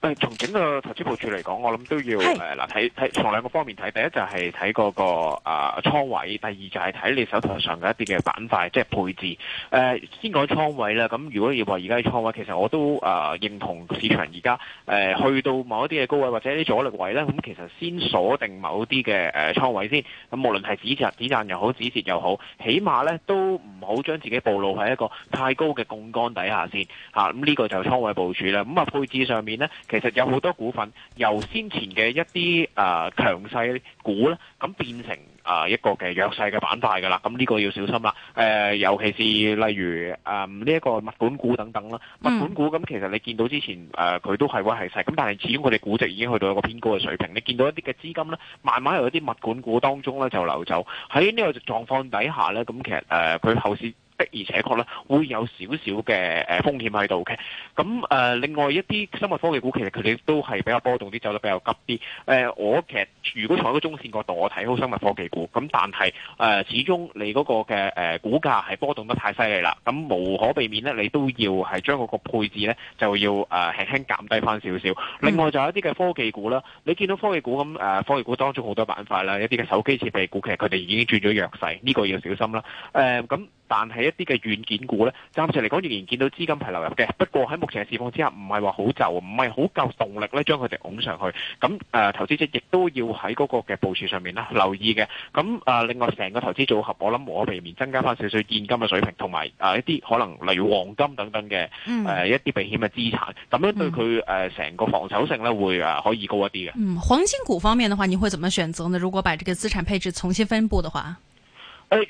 誒，從整個投資部署嚟講，我諗都要嗱睇睇從兩個方面睇，第一就係睇嗰個啊倉位，第二就係睇你手頭上嘅一啲嘅板塊，即係配置。誒、啊，先講倉位啦。咁如果要話而家嘅倉位，其實我都誒、啊、認同市場而家誒去到某一啲嘅高位或者啲阻力位咧，咁其實先鎖定某啲嘅誒倉位先。咁無論係止賺止賺又好，止跌又好，起碼咧都唔好將自己暴露喺一個太高嘅槓桿底下先咁呢、啊這個就係倉位部署啦。咁啊配置上面咧。其實有好多股份由先前嘅一啲誒、呃、強勢股咧，咁變成誒、呃、一個嘅弱勢嘅板塊㗎啦，咁呢個要小心啦。誒、呃，尤其是例如誒呢一個物管股等等啦，嗯、物管股咁其實你見到之前誒佢、呃、都係會系勢咁，但係始終佢哋估值已經去到一個偏高嘅水平。你見到一啲嘅資金咧，慢慢由一啲物管股當中咧就流走，喺呢個狀況底下咧，咁其實誒佢、呃、後市。的而且確咧，會有少少嘅誒風險喺度嘅。咁誒、呃，另外一啲生物科技股，其實佢哋都係比較波動啲，走得比較急啲。誒、呃，我其實如果從一個中線角度，我睇好生物科技股。咁但係誒、呃，始終你嗰個嘅誒股價係波動得太犀利啦。咁無可避免咧，你都要係將嗰個配置咧，就要誒、呃、輕輕減低翻少少。另外就係一啲嘅科技股啦，你見到科技股咁誒、嗯，科技股當中好多板塊啦，一啲嘅手機設備股，其實佢哋已經轉咗弱勢，呢、這個要小心啦。咁、呃。但係一啲嘅軟件股咧，暫時嚟講仍然見到資金係流入嘅。不過喺目前嘅市況之下不是說很，唔係話好就，唔係好夠動力咧將佢哋拱上去。咁誒、呃、投資者亦都要喺嗰個嘅部署上面啦，留意嘅。咁誒、呃、另外成個投資組合，我諗無可避免增加翻少少現金嘅水平，同埋誒一啲可能例如黃金等等嘅誒、嗯呃、一啲避險嘅資產，咁樣對佢誒成個防守性咧會誒可以高一啲嘅。嗯，黃金股方面嘅話，你會怎樣選擇呢？如果把這個資產配置重新分布嘅話？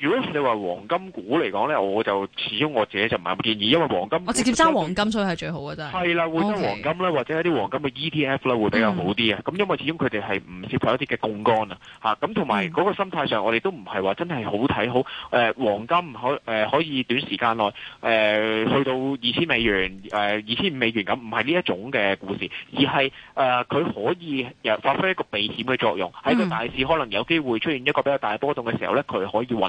如果你話黃金股嚟講咧，我就始終我自己就唔係咁建議，因為黃金我直接揸黃金，是黃金所以係最好啊！真係啦，會揸黃金咧，okay. 或者一啲黃金嘅 ETF 咧，會比較好啲咁、嗯、因為始終佢哋係唔涉及一啲嘅槓桿啊，咁同埋嗰個心態上我好好，我哋都唔係話真係好睇好誒黃金可、呃、可以短時間內、呃、去到二千美元二千五美元咁，唔係呢一種嘅故事，而係誒佢可以發發揮一個避險嘅作用，喺個大市可能有機會出現一個比較大波動嘅時候咧，佢、嗯、可以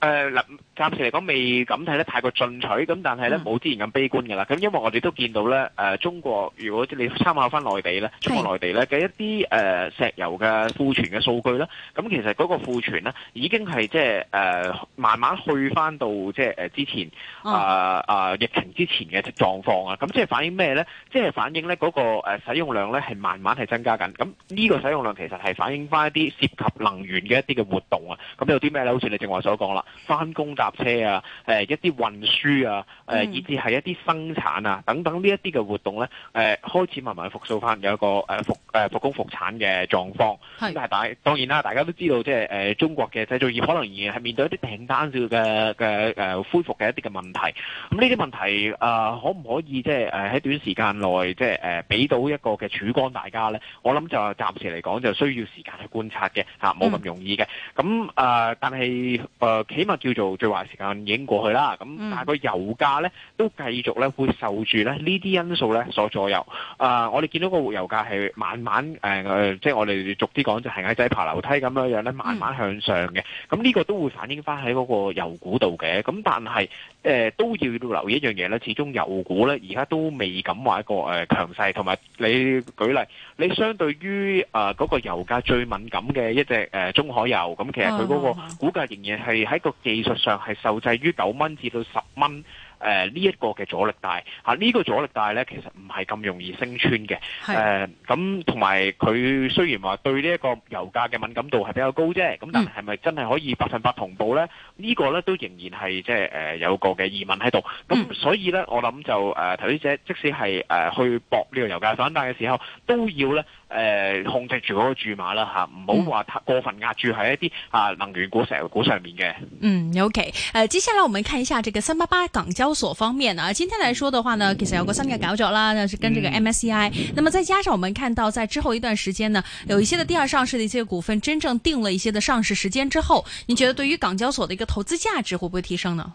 誒、嗱，暫時嚟講未敢睇得太過進取，咁但係咧冇之前咁悲觀噶啦。咁因為我哋都見到咧，誒、呃，中國如果你參考翻內地咧，中國內地咧嘅一啲誒、呃、石油嘅庫存嘅數據咧，咁、呃、其實嗰個庫存咧已經係即係誒慢慢去翻到即係誒之前啊啊疫情之前嘅狀況啊。咁、呃呃呃、即係反映咩咧？即係反映咧嗰、那個誒使用量咧係慢慢係增加緊。咁、呃、呢、這個使用量其實係反映翻一啲涉及能源嘅一啲嘅活動啊。咁、呃、有啲咩咧？好似你正話所講啦。翻工搭車啊，誒、呃、一啲運輸啊，誒、呃嗯、以至係一啲生產啊，等等呢一啲嘅活動咧，誒、呃、開始慢慢復甦翻，有一個誒、呃、復誒、呃、復工復產嘅狀況。係，但係當然啦，大家都知道，即係誒中國嘅製造業可能仍然係面對一啲訂單少嘅嘅誒恢復嘅一啲嘅問題。咁呢啲問題啊、呃，可唔可以即係誒喺短時間內即係誒俾到一個嘅曙光大家咧？我諗就暫時嚟講就需要時間去觀察嘅，嚇冇咁容易嘅。咁啊，呃、但係誒。呃起碼叫做最壞時間已經過去啦，咁但係個油價咧都繼續咧會受住咧呢啲因素咧所左右。啊，我哋見到個油價係慢慢誒，即係我哋俗啲講就係矮仔爬樓梯咁樣樣咧，慢慢向上嘅。咁呢個都會反映返喺嗰個油股度嘅。咁但係。誒都要留意一樣嘢咧，始終油股咧，而家都未敢話一個誒強勢，同埋你舉例，你相對於誒嗰個油價最敏感嘅一隻誒中海油咁，其實佢嗰個股價仍然係喺個技術上係受制於九蚊至到十蚊。誒呢一個嘅阻力帶嚇呢個阻力帶呢，其實唔係咁容易升穿嘅。誒咁同埋佢雖然話對呢一個油價嘅敏感度係比較高啫，咁但係係咪真係可以百分百同步呢？呢、呢個呢都仍然係即係誒有個嘅疑問喺度。咁、嗯、所以呢，我諗就誒投資者即使係誒、呃、去搏呢個油價反彈嘅時候，都要呢。呃控制住嗰個注碼啦吓，唔好話太過分壓住喺一啲、嗯、啊能源股、石油股上面嘅。嗯，OK，呃接下來我們看一下這個三八八港交所方面啊。今天來說的話呢，其實有個三個搞咗啦，嗯、是跟這個 MSCI、嗯。那麼再加上我們看到，在之後一段時間呢，有一些的第二上市的一些股份真正定了一些的上市時間之後，你覺得對於港交所的一個投資價值會不會提升呢？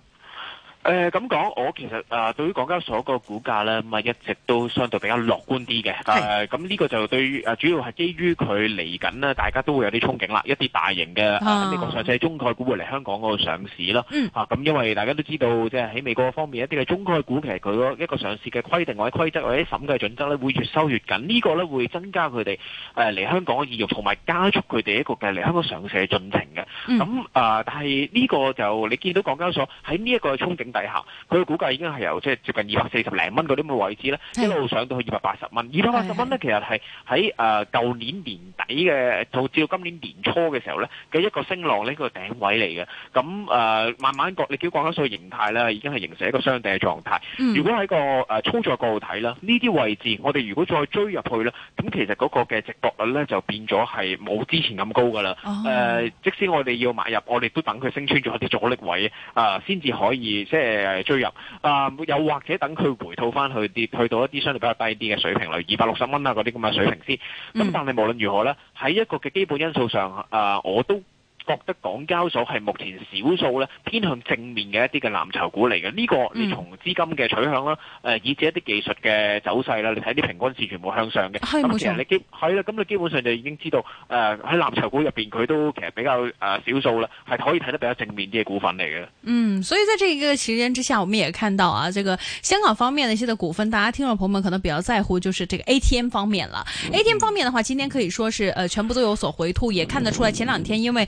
誒咁講，我其實誒對於港交所個股價咧，咁啊一直都相對比較樂觀啲嘅。係。誒咁呢個就對於誒主要係基於佢嚟緊咧，大家都會有啲憧憬啦。一啲大型嘅誒美國上市中概股會嚟香港嗰度上市啦。嗯。啊，咁因為大家都知道，即係喺美國方面一啲嘅中概股，其實佢嗰一個上市嘅規定或者規則或者審計準則咧，會越收越緊。呢個咧會增加佢哋誒嚟香港嘅意欲，同埋加速佢哋一個嘅嚟香港上市嘅進程嘅。嗯。咁啊，但係呢個就你見到港交所喺呢一個嘅憧憬底下佢嘅股價已經係由即係接近二百四十零蚊嗰啲咁嘅位置咧，一路上到去二百八十蚊。二百八十蚊咧，其實係喺誒舊年年底嘅，到至到今年年初嘅時候咧嘅一個升浪呢一個頂位嚟嘅。咁誒、呃，慢慢個你叫講緊個形態咧，已經係形成一個雙底嘅狀態。嗯、如果喺個誒、呃、操作角度睇啦，呢啲位置我哋如果再追入去咧，咁其實嗰個嘅值博率咧就變咗係冇之前咁高噶啦。誒、哦呃，即使我哋要買入，我哋都等佢升穿咗一啲阻力位啊，先、呃、至可以即追入，啊、呃，又或者等佢回吐翻去啲，去到一啲相對比較低啲嘅水平，例如二百六十蚊啊，嗰啲咁嘅水平先。咁、嗯、但係無論如何咧，喺一個嘅基本因素上，誒、呃，我都。覺得港交所係目前少數咧偏向正面嘅一啲嘅藍籌股嚟嘅，呢、這個你從資金嘅取向啦，誒、嗯呃，以至一啲技術嘅走勢啦，你睇啲平均線全部向上嘅，咁其實你基係啦，咁你基本上就已經知道誒喺藍籌股入邊佢都其實比較誒少數啦，係可以睇得比較正面啲嘅股份嚟嘅。嗯，所以在這個時間之下，我們也看到啊，這個香港方面的一些的股份，大家聽眾朋友們可能比較在乎，就是這個 ATM 方面啦、嗯。ATM 方面嘅話，今天可以說是誒、呃、全部都有所回吐，也看得出來、嗯、前兩天因為。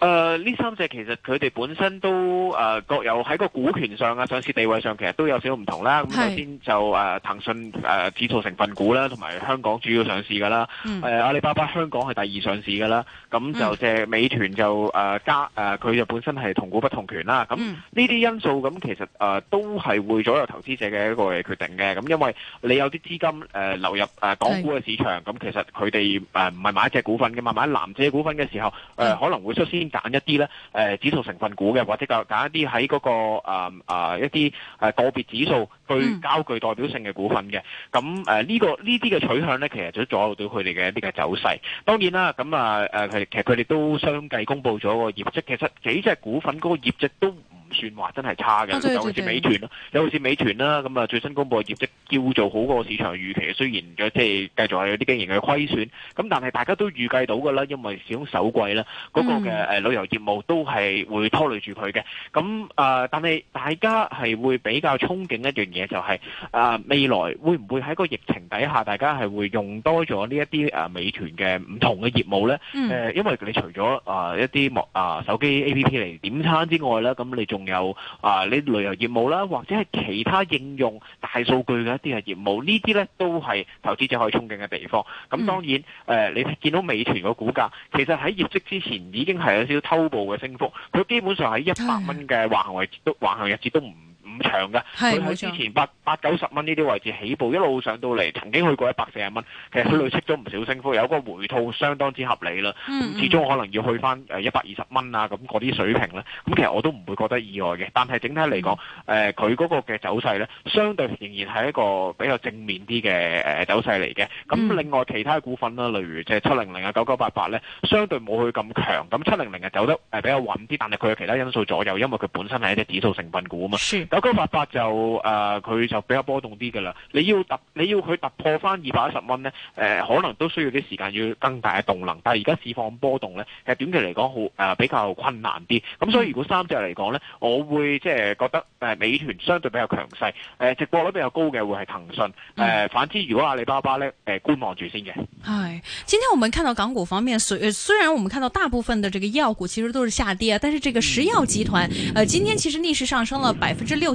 誒、呃，呢三隻其實佢哋本身都誒、呃、各有喺個股權上啊，上市地位上其實都有少少唔同啦。咁首先就誒騰訊誒指數成分股啦，同埋香港主要上市噶啦。誒、嗯呃、阿里巴巴香港係第二上市噶啦。咁、嗯嗯、就隻美團就誒、呃、加誒，佢、呃、就本身係同股不同權啦。咁呢啲因素咁其實誒都係會左右投資者嘅一個決定嘅。咁因為你有啲資金誒、呃、流入誒、呃、港股嘅市場，咁其實佢哋誒唔係買一隻股份嘅嘛，買藍隻股份嘅時候誒、呃、可能會率先。揀一啲咧，誒、呃、指數成分股嘅，或者啊、那個，揀、嗯呃、一啲喺嗰個誒一啲誒個別指數具較具代表性嘅股份嘅，咁誒呢個呢啲嘅取向咧，其實就阻礙到佢哋嘅一啲嘅走勢。當然啦，咁啊誒，其實佢哋都相繼公布咗個業績，其實幾隻股份嗰個業績都算話真係差嘅，尤其是美團咯，尤其是美團啦。咁啊最新公布嘅業績叫做好個市場預期，雖然嘅即係繼續係有啲經營嘅虧損，咁但係大家都預計到㗎啦，因為始終首季啦，嗰個嘅誒旅遊業務都係會拖累住佢嘅。咁啊，但係大家係會比較憧憬一樣嘢，就係啊未來會唔會喺個疫情底下，大家係會用多咗呢一啲誒美團嘅唔同嘅業務咧？誒，因為你除咗啊一啲莫啊手機 A P P 嚟點餐之外咧，咁你仲仲有啊，你、呃、旅遊業務啦，或者係其他應用大數據嘅一啲嘅業務，呢啲呢都係投資者可以憧憬嘅地方。咁當然，誒、嗯呃，你見到美團個股價，其實喺業績之前已經係有少少偷步嘅升幅，佢基本上喺一百蚊嘅橫行位，都、嗯、橫行日子都唔咁長嘅，佢喺之前八八九十蚊呢啲位置起步，一路上到嚟曾經去過一百四十蚊，其實佢累積咗唔少升幅，有個回吐相當之合理啦。咁、嗯、始終可能要去翻誒一百二十蚊啊咁嗰啲水平咧，咁其實我都唔會覺得意外嘅。但係整體嚟講，誒佢嗰個嘅走勢咧，相對仍然係一個比較正面啲嘅誒走勢嚟嘅。咁、嗯、另外其他股份啦，例如即係七零零啊、九九八八咧，相對冇佢咁強。咁七零零啊走得誒比較穩啲，但係佢有其他因素左右，因為佢本身係一隻指數成分股啊嘛。咁、嗯八八就誒佢就比較波動啲嘅啦，你要突你要佢突破返二百一十蚊呢，誒可能都需要啲時間，要更大嘅動能。但係而家市況波動呢，其實短期嚟講好誒比較困難啲。咁所以如果三隻嚟講呢，我會即係覺得誒美團相對比較強勢，誒值博率比較高嘅會係騰訊。誒反之，如果阿里巴巴呢，誒觀望住先嘅。係，今天我們看到港股方面，雖雖然我們看到大部分的這個醫藥股其實都是下跌，但是這個石藥集團、呃，今天其實逆市上升了百分之六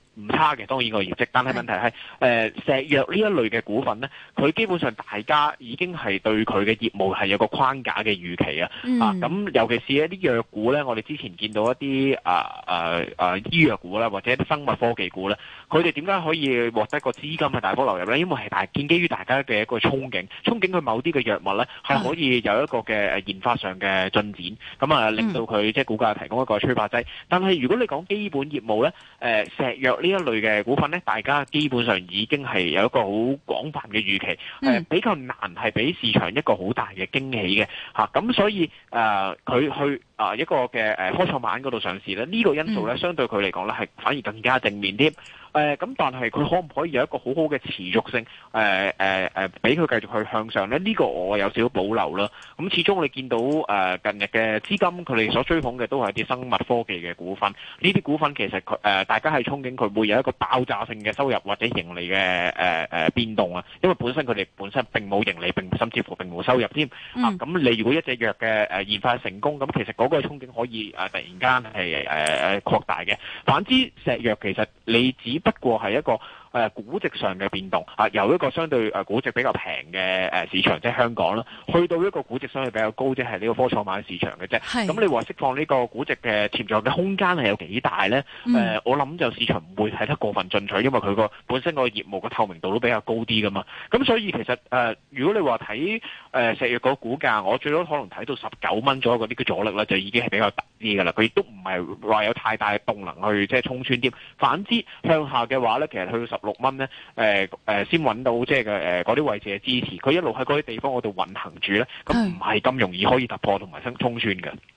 唔差嘅，當然個業績，但係問題係、呃、石藥呢一類嘅股份呢，佢基本上大家已經係對佢嘅業務係有個框架嘅預期啊，嗯、啊咁尤其是一啲藥股呢，我哋之前見到一啲啊啊啊醫藥股啦，或者啲生物科技股呢，佢哋點解可以獲得個資金嘅大幅流入呢？因為係大建基於大家嘅一個憧憬，憧憬佢某啲嘅藥物呢係可以有一個嘅研發上嘅進展，咁啊令到佢即係股價提供一個催化劑。但係如果你講基本業務呢，呃、石藥。呢一類嘅股份呢，大家基本上已經係有一個好廣泛嘅預期，誒比較難係俾市場一個好大嘅驚喜嘅嚇，咁所以誒佢去誒一個嘅誒科創板嗰度上市呢，呢個因素呢，相對佢嚟講呢，係反而更加正面啲。誒咁，但係佢可唔可以有一個好好嘅持續性？誒誒誒，俾佢繼續去向上咧？呢個我有少少保留啦。咁始終你見到誒近日嘅資金，佢哋所追捧嘅都係啲生物科技嘅股份。呢啲股份其實佢誒大家係憧憬佢會有一個爆炸性嘅收入或者盈利嘅誒誒變動啊。因為本身佢哋本身並冇盈利，並甚至乎並冇收入添。啊，咁你如果一隻藥嘅誒研發成功，咁其實嗰個憧憬可以誒突然間係誒誒擴大嘅。反之，石藥其實你只不過係一個誒、啊、估值上嘅變動、啊、由一個相對誒估、啊、值比較平嘅、啊、市場，即係香港啦，去到一個估值相對比較高，即係呢個科創板市場嘅啫。咁，你話釋放呢個估值嘅潛在嘅空間係有幾大咧？誒，我諗就市場唔會睇得過分進取，因為佢個本身個業務嘅透明度都比較高啲噶嘛。咁所以其實誒、呃，如果你話睇誒石藥個股價，我最多可能睇到十九蚊左右嗰啲嘅阻力呢，就已經係比較低啲噶啦。佢亦都唔係話有太大嘅動能去即係衝穿添。反之向下嘅話咧，其實去到十六蚊咧，誒、呃、誒、呃，先揾到即係嘅誒嗰啲位置嘅支持，佢一路喺嗰啲地方嗰度運行住咧，咁唔係咁容易可以突破同埋升衝穿嘅。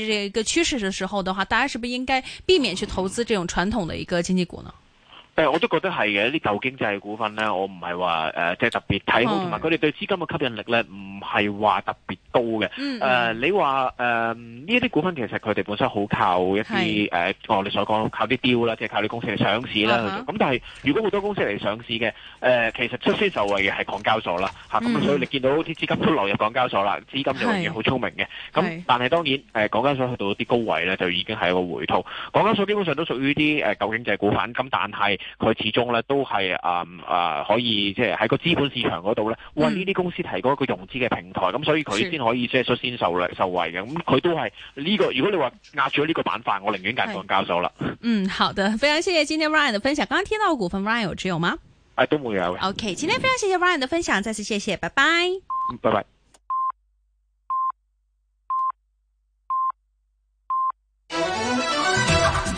一、這個趨勢的時候的話，大家是不是應該避免去投資這種傳統的一個經濟股呢？誒，我都覺得係嘅，啲舊經濟股份呢，我唔係話誒即係特別睇好，同埋佢哋對資金嘅吸引力咧唔。唔係話特別高嘅，誒、嗯呃、你話誒呢一啲股份其實佢哋本身好靠一啲誒，我哋、呃、所講靠啲 deal 啦，即係靠啲公司嚟上市啦。咁、啊嗯、但係如果好多公司嚟上市嘅，誒、呃、其實出先受惠嘅係港交所啦，咁、啊嗯、所以你見到啲資金都流入港交所啦，資金就一樣好聰明嘅。咁、嗯、但係當然誒、呃、港交所去到啲高位咧，就已經係一個回吐。港交所基本上都屬於啲誒舊經濟股份，咁但係佢始終咧都係啊、呃呃、可以即係喺個資本市場嗰度咧，為、呃，呢、嗯、啲公司提供一個融資嘅。平台咁、嗯，所以佢先可以即係率先受惠受惠嘅。咁佢都係呢、這個。如果你話壓住呢個板塊，我寧願揀講教授啦。嗯，好的，非常謝謝今天 Ryan 的分享。剛剛聽到股份，Ryan 有持有嗎？啊、哎，都冇有。OK，、嗯、今天非常謝謝 Ryan 的分享，再次謝謝，拜拜。拜拜。